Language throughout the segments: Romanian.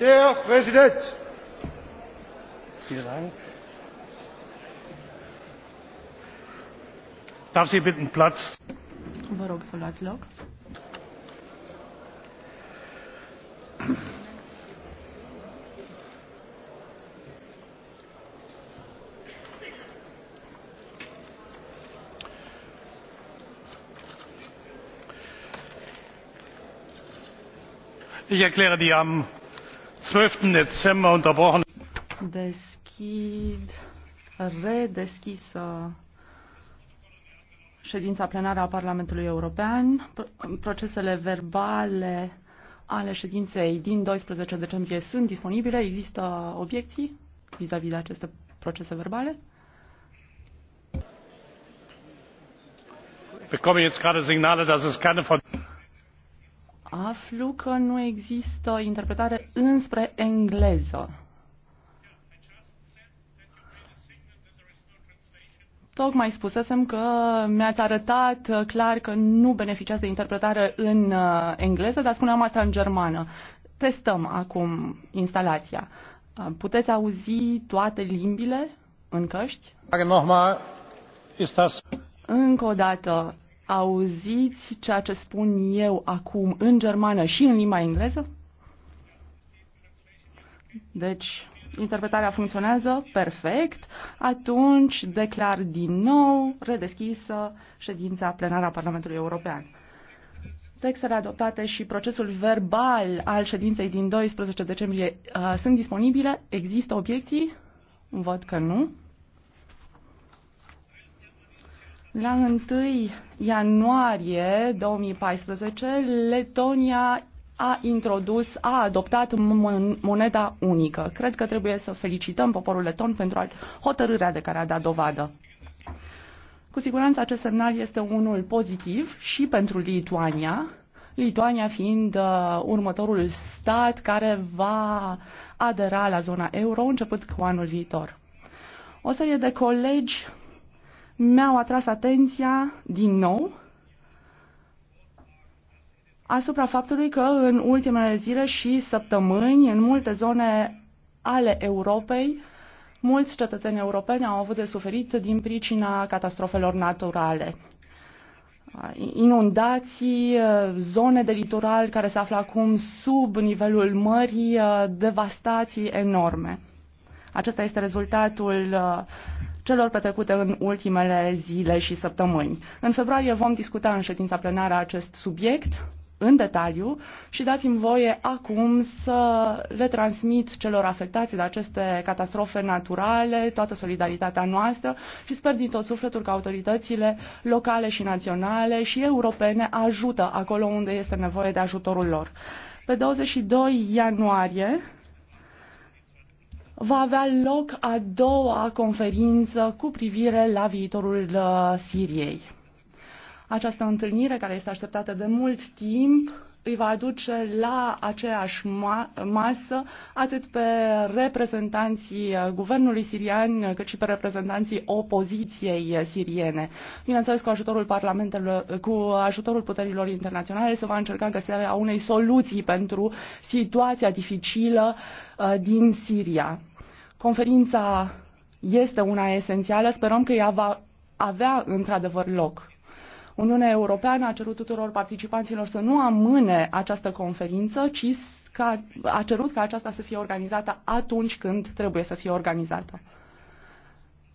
Der Präsident! Vielen Dank. Darf Sie bitten Platz? Ich erkläre die am. 12. Deschid, redeschisă ședința plenară a Parlamentului European. Procesele verbale ale ședinței din 12 decembrie sunt disponibile. Există obiecții vis-a-vis de aceste procese verbale? bekomme jetzt gerade Signale, dass es keine aflu că nu există interpretare înspre engleză. Tocmai spusesem că mi-ați arătat clar că nu beneficiați de interpretare în uh, engleză, dar spuneam asta în germană. Testăm acum instalația. Uh, puteți auzi toate limbile în căști? Încă o dată, auziți ceea ce spun eu acum în germană și în limba engleză? Deci, interpretarea funcționează perfect, atunci declar din nou redeschisă ședința plenară a Parlamentului European. Textele adoptate și procesul verbal al ședinței din 12 decembrie uh, sunt disponibile? Există obiecții? Văd că nu. La 1 ianuarie 2014, Letonia a introdus, a adoptat moneda unică. Cred că trebuie să felicităm poporul leton pentru hotărârea de care a dat dovadă. Cu siguranță acest semnal este unul pozitiv și pentru Lituania, Lituania fiind uh, următorul stat care va adera la zona euro începând cu anul viitor. O serie de colegi mi-au atras atenția din nou asupra faptului că în ultimele zile și săptămâni, în multe zone ale Europei, mulți cetățeni europeni au avut de suferit din pricina catastrofelor naturale. Inundații, zone de litoral care se află acum sub nivelul mării, devastații enorme. Acesta este rezultatul celor petrecute în ultimele zile și săptămâni. În februarie vom discuta în ședința plenară acest subiect în detaliu și dați-mi voie acum să le transmit celor afectați de aceste catastrofe naturale toată solidaritatea noastră și sper din tot sufletul că autoritățile locale și naționale și europene ajută acolo unde este nevoie de ajutorul lor. Pe 22 ianuarie va avea loc a doua conferință cu privire la viitorul uh, Siriei. Această întâlnire, care este așteptată de mult timp, îi va aduce la aceeași ma masă atât pe reprezentanții uh, guvernului sirian uh, cât și pe reprezentanții opoziției uh, siriene. Bineînțeles, cu ajutorul parlamentelor, cu ajutorul puterilor internaționale se va încerca găsirea unei soluții pentru situația dificilă din Siria. Conferința este una esențială, sperăm că ea va avea într-adevăr loc. Uniunea Europeană a cerut tuturor participanților să nu amâne această conferință, ci ca, a cerut ca aceasta să fie organizată atunci când trebuie să fie organizată.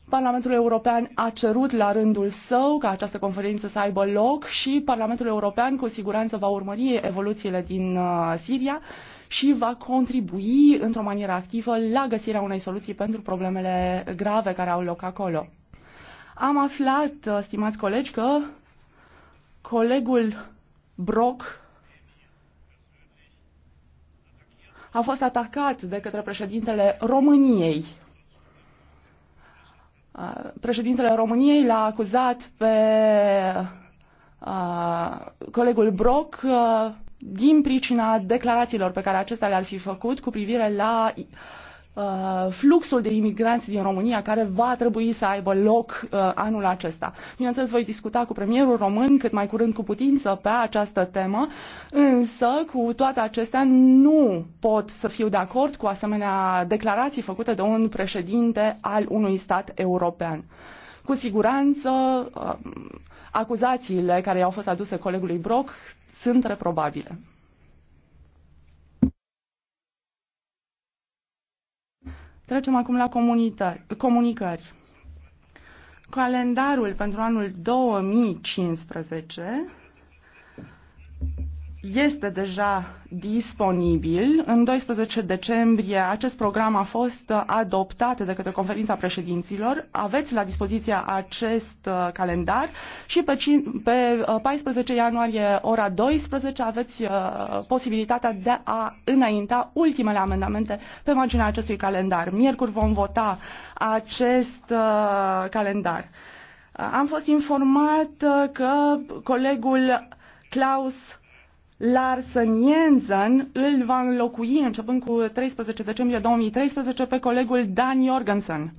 Parlamentul European a cerut la rândul său ca această conferință să aibă loc și Parlamentul European cu siguranță va urmări evoluțiile din uh, Siria și va contribui într-o manieră activă la găsirea unei soluții pentru problemele grave care au loc acolo. Am aflat, uh, stimați colegi, că Colegul Brock a fost atacat de către președintele României. Președintele României l-a acuzat pe colegul Brock din pricina declarațiilor pe care acesta le-ar fi făcut cu privire la uh, Uh, fluxul de imigranți din România care va trebui să aibă loc uh, anul acesta. Bineînțeles, voi discuta cu premierul român cât mai curând cu putință pe această temă, însă cu toate acestea nu pot să fiu de acord cu asemenea declarații făcute de un președinte al unui stat european. Cu siguranță, uh, acuzațiile care i-au fost aduse colegului Brock sunt reprobabile. Trecem acum la comunicări. Calendarul pentru anul 2015 este deja disponibil. În 12 decembrie acest program a fost adoptat de către conferința președinților. Aveți la dispoziție acest uh, calendar și pe, pe 14 uh, ianuarie ora 12 aveți uh, posibilitatea de a înainta ultimele amendamente pe marginea acestui calendar. Miercuri vom vota acest calendar. Am fost informat că colegul Klaus Larsen Jensen îl va înlocui începând cu 13 decembrie 2013 pe colegul Dan Jorgensen.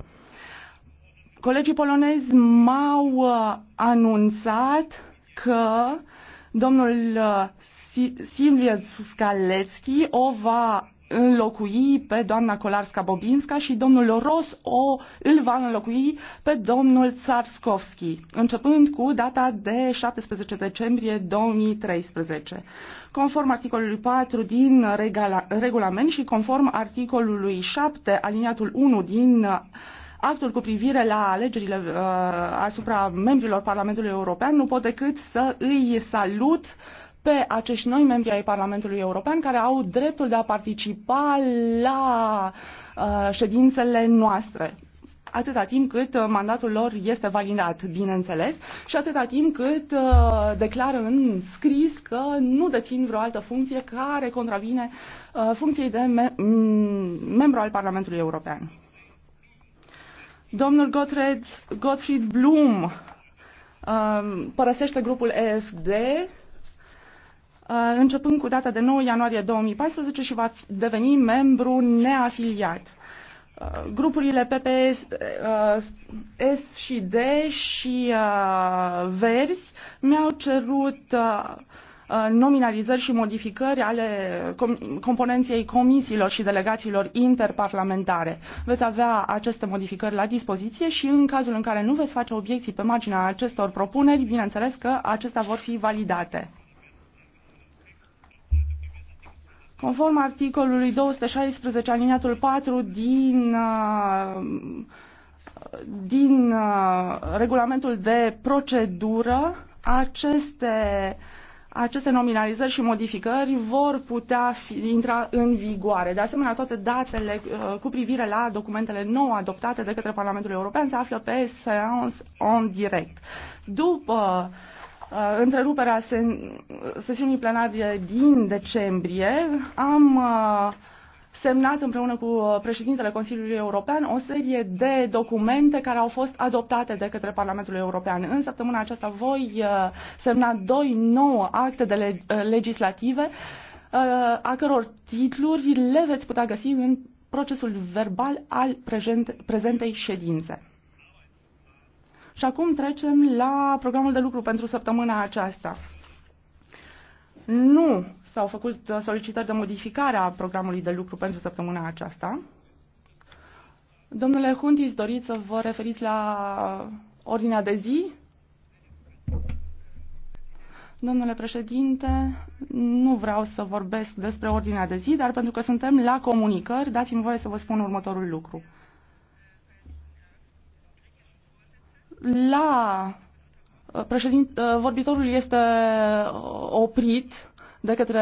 Colegii polonezi m-au uh, anunțat că domnul uh, Silvia Skalecki o va înlocui pe doamna Kolarska-Bobinska și domnul Ros o îl va înlocui pe domnul Tsarskovski, începând cu data de 17 decembrie 2013. Conform articolului 4 din regala, regulament și conform articolului 7 aliniatul 1 din actul cu privire la alegerile uh, asupra membrilor Parlamentului European, nu pot decât să îi salut pe acești noi membri ai Parlamentului European care au dreptul de a participa la uh, ședințele noastre atâta timp cât uh, mandatul lor este validat, bineînțeles, și atâta timp cât uh, declară în scris că nu dețin vreo altă funcție care contravine uh, funcției de me- mm, membru al Parlamentului European. Domnul Gottfried, Gottfried Blum uh, părăsește grupul EFD Uh, începând cu data de 9 ianuarie 2014 și va deveni membru neafiliat. Uh, grupurile PPS, uh, S și D și Verzi mi-au cerut nominalizări și modificări ale componenței comisiilor și delegațiilor interparlamentare. Veți avea aceste modificări la dispoziție și în cazul în care nu veți face obiecții pe marginea acestor propuneri, bineînțeles că acestea vor fi validate. Conform articolului 216 aliniatul 4 din, uh, din uh, regulamentul de procedură, aceste, aceste nominalizări și modificări vor putea fi, intra în vigoare. De asemenea, toate datele uh, cu privire la documentele nou adoptate de către Parlamentul European se află pe seance on direct. După uh, Uh, întreruperea sesiunii plenare din decembrie, am uh, semnat împreună cu uh, președintele Consiliului European o serie de documente care au fost adoptate de către Parlamentul European. În săptămâna aceasta voi semna doi nouă acte de legislative a căror titluri le veți putea găsi în procesul verbal al prezentei ședințe. Și acum trecem la programul de lucru pentru săptămâna aceasta. Nu s-au făcut solicitări de modificare a programului de lucru pentru săptămâna aceasta. Domnule Huntis, doriți să vă referiți la ordinea de zi? Domnule președinte, nu vreau să vorbesc despre ordinea de zi, dar pentru că suntem la comunicări, dați-mi voie să vă spun următorul lucru. la uh, uh, vorbitorul este uh, oprit de către